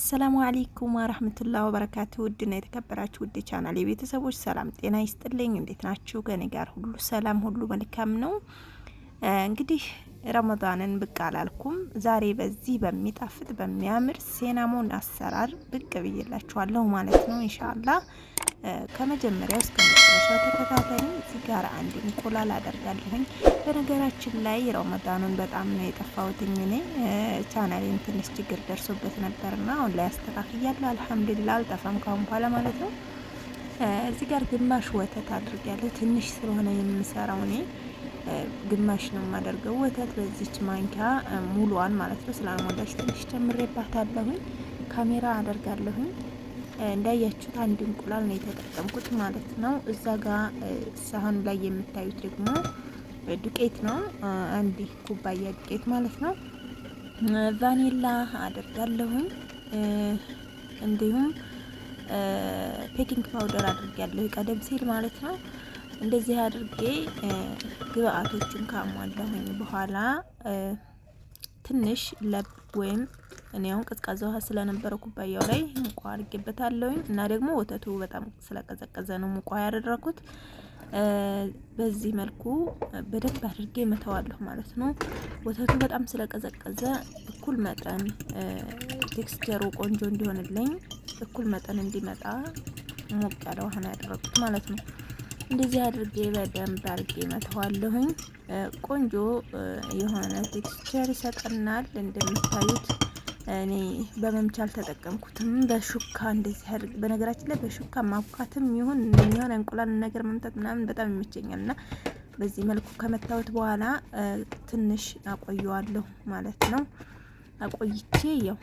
አሰላሙ አሌይኩም ወረህመቱላህ ወበረካቱ። ውድና የተከበራችሁ ውድ ቻናል የቤተሰቦች ሰላም ጤና ይስጥልኝ። እንዴት ናችሁ? ከኔ ጋር ሁሉ ሰላም ሁሉ መልካም ነው። እንግዲህ ረመዳንን ብቅ አላልኩም። ዛሬ በዚህ በሚጣፍጥ በሚያምር ሴናሞን አሰራር ብቅ ብዬላችኋለሁ ማለት ነው። ኢንሻአላህ ከመጀመሪያው እስከ መጨረሻ ተከታተሉ። እዚህ ጋር አንድ እንቁላል አደርጋለሁኝ። በነገራችን ላይ ረመዳኑን በጣም ነው የጠፋሁትኝ እኔ ቻናሌን ትንሽ ችግር ደርሶበት ነበርና አሁን ላይ አስተካክያለሁ። አልሐምዱሊላ አልጠፋም ካሁን በኋላ ማለት ነው። እዚህ ጋር ግማሽ ወተት አድርጊያለሁ። ትንሽ ስለሆነ የምሰራው እኔ ግማሽ ነው የማደርገው ወተት በዚች ማንኪያ ሙሉዋን ማለት ነው። ስላልሞላች ትንሽ ጨምሬባታለሁኝ። ካሜራ አደርጋለሁኝ እንዳያችሁት አንድ እንቁላል ነው የተጠቀምኩት ማለት ነው። እዛ ጋር ሳህኑ ላይ የምታዩት ደግሞ ዱቄት ነው፣ አንድ ኩባያ ዱቄት ማለት ነው። ቫኒላ አድርጋለሁ እንዲሁም ፔኪንግ ፓውደር አድርጊያለሁ ቀደም ሲል ማለት ነው። እንደዚህ አድርጌ ግብአቶችን ካሟላሁኝ በኋላ ትንሽ ለብ ወይም እኔ አሁን ቀዝቃዛ ውሃ ስለነበረ ኩባያው ላይ ሙቋ ውሃ እና ደግሞ ወተቱ በጣም ስለቀዘቀዘ ነው ሙቋ ያደረኩት። በዚህ መልኩ በደንብ አድርጌ መተዋለሁ ማለት ነው። ወተቱ በጣም ስለቀዘቀዘ እኩል መጠን ቴክስቸሩ ቆንጆ እንዲሆንልኝ እኩል መጠን እንዲመጣ ሞቅ ያለ ውሃ ነው ያደረኩት ማለት ነው። እንደዚህ አድርጌ በደንብ አድርጌ መተዋለሁኝ። ቆንጆ የሆነ ቴክስቸር ይሰጠናል። እንደምታዩት እኔ በመምቻ አልተጠቀምኩትም፣ በሹካ እንደዚህ አድርጌ። በነገራችን ላይ በሹካ ማብካትም ይሁን የሚሆን እንቁላል ነገር መምታት ምናምን በጣም ይመቸኛል እና በዚህ መልኩ ከመታወት በኋላ ትንሽ አቆየዋለሁ ማለት ነው። አቆይቼ ያው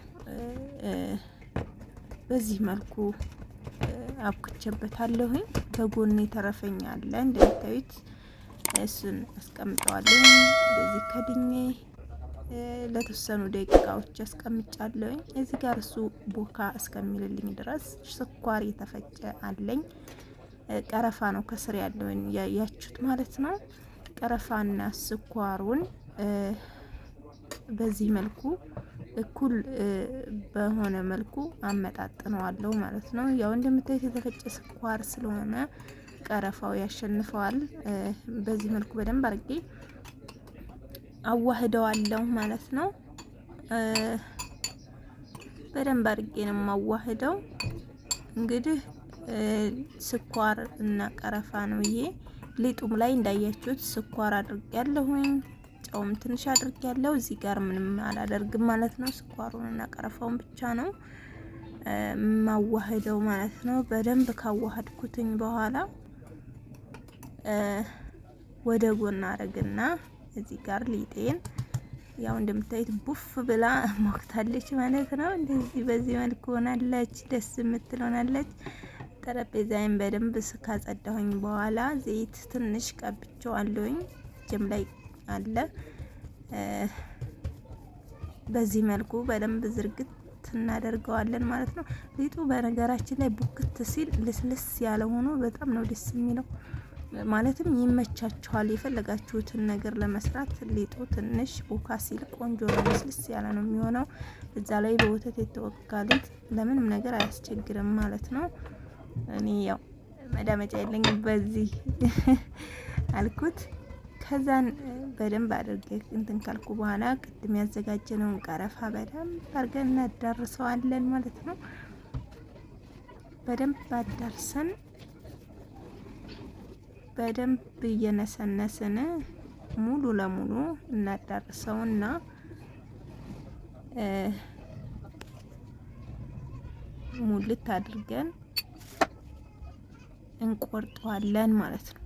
በዚህ መልኩ አብኩቼበታለሁኝ። ከጎን የተረፈኛ አለ እንደምታዩት፣ እሱን አስቀምጠዋለሁ። እንደዚህ ከድኜ ለተወሰኑ ደቂቃዎች አስቀምጫለሁኝ። እዚህ ጋር እሱ ቦካ እስከሚልልኝ ድረስ ስኳር የተፈጨ አለኝ። ቀረፋ ነው ከስር ያለውን ያያችሁት ማለት ነው። ቀረፋና ስኳሩን በዚህ መልኩ እኩል በሆነ መልኩ አመጣጥነዋለሁ ማለት ነው። ያው እንደምታዩት የተፈጨ ስኳር ስለሆነ ቀረፋው ያሸንፈዋል። በዚህ መልኩ በደንብ አርጌ አዋህደዋለሁ ማለት ነው። በደንብ አርጌ ነው የማዋህደው። እንግዲህ ስኳር እና ቀረፋ ነው ይሄ። ሊጡም ላይ እንዳያችሁት ስኳር አድርጌያለሁኝ። ጨውም ትንሽ አድርግ ያለው እዚህ ጋር ምንም አላደርግም ማለት ነው። ስኳሩን እና ቀረፋውን ብቻ ነው ማዋህደው ማለት ነው። በደንብ ካዋህድኩትኝ በኋላ ወደ ጎን አረግና እዚህ ጋር ሊጤን ያው እንደምታዩት ቡፍ ብላ ሞክታለች ማለት ነው። እንደዚህ በዚህ መልኩ ሆናለች፣ ደስ የምትል ሆናለች። ጠረጴዛዬን በደንብ ካጸዳሁኝ በኋላ ዘይት ትንሽ ቀብቼዋለሁኝ ጀም ላይ አለ። በዚህ መልኩ በደንብ ዝርግት እናደርገዋለን ማለት ነው። ሊጡ በነገራችን ላይ ቡክት ሲል ልስልስ ያለ ሆኖ በጣም ነው ደስ የሚለው። ማለትም ይመቻችኋል የፈለጋችሁትን ነገር ለመስራት። ሊጡ ትንሽ ቦካ ሲል ቆንጆ ነው፣ ልስልስ ያለ ነው የሚሆነው። እዛ ላይ በወተት የተወጋ ሊጥ ለምንም ነገር አያስቸግርም ማለት ነው። እኔ ያው መዳመጫ የለኝም በዚህ አልኩት። ከዛን በደንብ አድርጌ እንትን ካልኩ በኋላ ቅድም ያዘጋጀነውን ቀረፋ በደንብ አድርገን እናዳርሰዋለን ማለት ነው። በደንብ አዳርሰን በደንብ እየነሰነስን ሙሉ ለሙሉ እናዳርሰውና ሙልት አድርገን እንቆርጠዋለን ማለት ነው።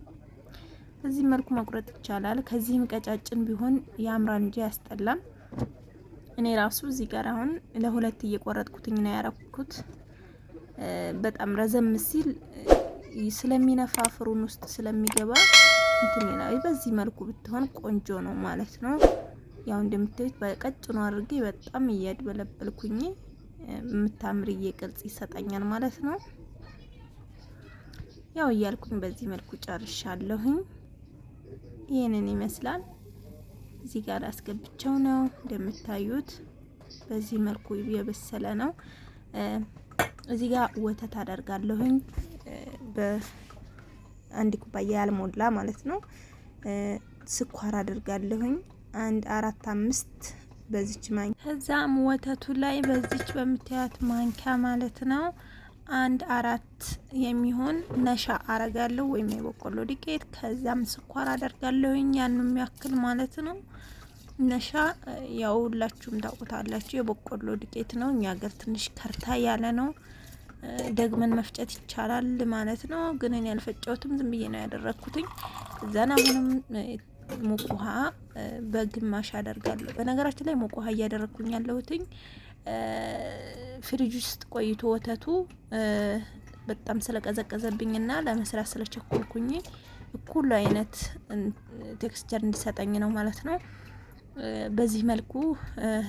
በዚህ መልኩ መቁረጥ ይቻላል። ከዚህም ቀጫጭን ቢሆን ያምራል እንጂ አያስጠላም። እኔ ራሱ እዚህ ጋር አሁን ለሁለት እየቆረጥኩትኝ ነው ያረኩት። በጣም ረዘም ሲል ስለሚነፋ ፍሩን ውስጥ ስለሚገባ እንትን ይላል። በዚህ መልኩ ብትሆን ቆንጆ ነው ማለት ነው። ያው እንደምታዩት በቀጭኑ አድርጌ በጣም እያድበለበልኩኝ የምታምርዬ ቅርጽ ይሰጠኛል ማለት ነው። ያው እያልኩኝ በዚህ መልኩ ጨርሻለሁኝ። ይህንን ይመስላል። እዚህ ጋር አስገብቸው ነው እንደምታዩት፣ በዚህ መልኩ የበሰለ ነው። እዚህ ጋር ወተት አደርጋለሁኝ በአንድ ኩባያ ያልሞላ ማለት ነው። ስኳር አደርጋለሁኝ አንድ አራት አምስት በዚች ማንኪያ። ከዛም ወተቱ ላይ በዚች በምታያት ማንኪያ ማለት ነው አንድ አራት የሚሆን ነሻ አረጋለሁ ወይም የበቆሎ ዱቄት ከዛም ስኳር አደርጋለሁኝ ያን የሚያክል ማለት ነው። ነሻ ያው ሁላችሁም ታውቁታላችሁ፣ የበቆሎ ዱቄት ነው። እኛ ሀገር ትንሽ ከርታ ያለ ነው። ደግመን መፍጨት ይቻላል ማለት ነው። ግን እኔ ያልፈጨሁትም ዝም ብዬ ነው ያደረግኩትኝ። እዛን አሁንም ሙቅ ውሃ በግማሽ አደርጋለሁ። በነገራችን ላይ ሙቅ ውሃ እያደረግኩኝ ያለሁትኝ ፍሪጅ ውስጥ ቆይቶ ወተቱ በጣም ስለቀዘቀዘብኝና ለመስራት ስለቸኮልኩኝ እኩሉ አይነት ቴክስቸር እንዲሰጠኝ ነው ማለት ነው። በዚህ መልኩ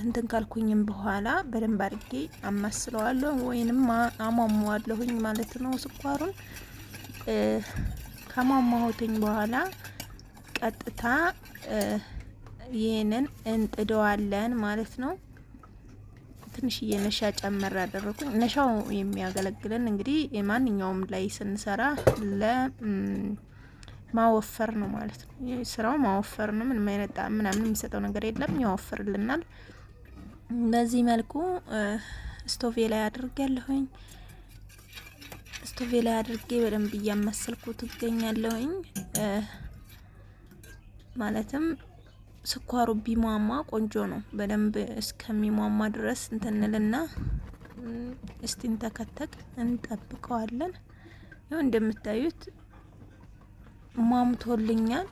እንትን ካልኩኝም በኋላ በደንብ አድርጌ አማስለዋለሁ ወይንም አሟሟዋለሁኝ ማለት ነው። ስኳሩን ከሟሟሁትኝ በኋላ ቀጥታ ይህንን እንጥደዋለን ማለት ነው። ትንሽዬ ነሻ ጨመር ያደረኩኝ። ነሻው የሚያገለግለን እንግዲህ ማንኛውም ላይ ስንሰራ ለማወፈር ነው ማለት ነው። ስራው ማወፈር ነው። ምንም አይነት ጣዕም ምናምን የሚሰጠው ነገር የለም፣ ያወፍርልናል። በዚህ መልኩ ስቶቬ ላይ አድርጋለሁኝ። ስቶቬ ላይ አድርጌ በደንብ እያመሰልኩ ትገኛለሁኝ ማለትም ስኳሩ ቢሟማ ቆንጆ ነው። በደንብ እስከሚሟማ ድረስ እንትንልና ተከተቅ እንጠብቀዋለን። ይኸው እንደምታዩት ሟምቶልኛል።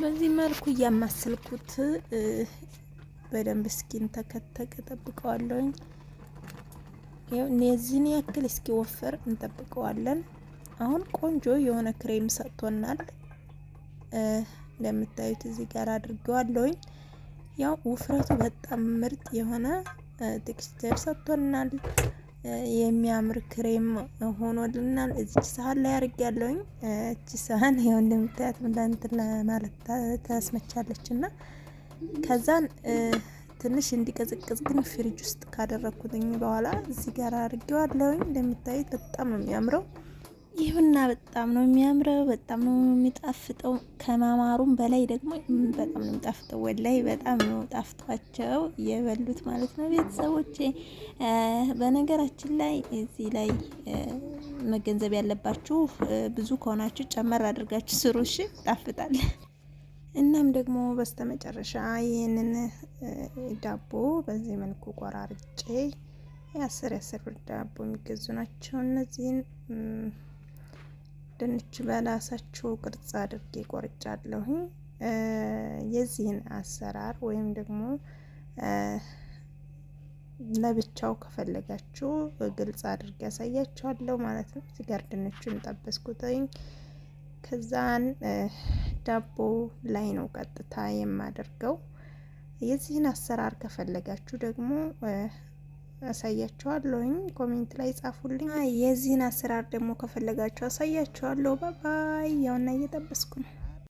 በዚህ መልኩ እያማሰልኩት በደንብ እስኪንተከተክ እጠብቀዋለሁኝ። የዚህን ያክል እስኪወፍር እንጠብቀዋለን። አሁን ቆንጆ የሆነ ክሬም ሰጥቶናል። እንደምታዩት እዚህ ጋር አድርገዋለሁኝ። ያው ውፍረቱ በጣም ምርጥ የሆነ ቴክስቸር ሰጥቶናል። የሚያምር ክሬም ሆኖልናል። እዚች ሳህን ላይ አድርጌያለሁኝ። እቺ ሳህን ያው እንደምታያት ምንድነው ለማለት ተስመቻለች እና ከዛን ትንሽ እንዲቀዝቅዝ ግን ፍሪጅ ውስጥ ካደረግኩትኝ በኋላ እዚህ ጋር አድርጌዋለሁኝ። እንደምታዩት በጣም ነው የሚያምረው። ይህ ቡና በጣም ነው የሚያምረው፣ በጣም ነው የሚጣፍጠው። ከማማሩም በላይ ደግሞ በጣም ነው የሚጣፍጠው። ወላይ በጣም ነው ጣፍጧቸው የበሉት ማለት ነው ቤተሰቦቼ። በነገራችን ላይ እዚህ ላይ መገንዘብ ያለባችሁ ብዙ ከሆናችሁ ጨመር አድርጋችሁ ስሩሽ ጣፍጣል። እናም ደግሞ በስተመጨረሻ ይህንን ዳቦ በዚህ መልኩ ቆራርጬ የአስር የአስር ብር ዳቦ የሚገዙ ናቸው እነዚህን ድንች በላሳቸው ቅርጽ አድርጌ ቆርጫለሁኝ። የዚህን አሰራር ወይም ደግሞ ለብቻው ከፈለጋችሁ ግልጽ አድርጌ ያሳያችኋለሁ ማለት ነው። እዚህ ጋር ድንቹን ጠበስኩትኝ። ከዛን ዳቦ ላይ ነው ቀጥታ የማደርገው። የዚህን አሰራር ከፈለጋችሁ ደግሞ አሳያችኋለሁኝ። ኮሜንት ላይ ጻፉልኝ። የዚህን አሰራር ደግሞ ከፈለጋችሁ አሳያችኋለሁ። ባባይ። ያውና እየጠበስኩ ነው።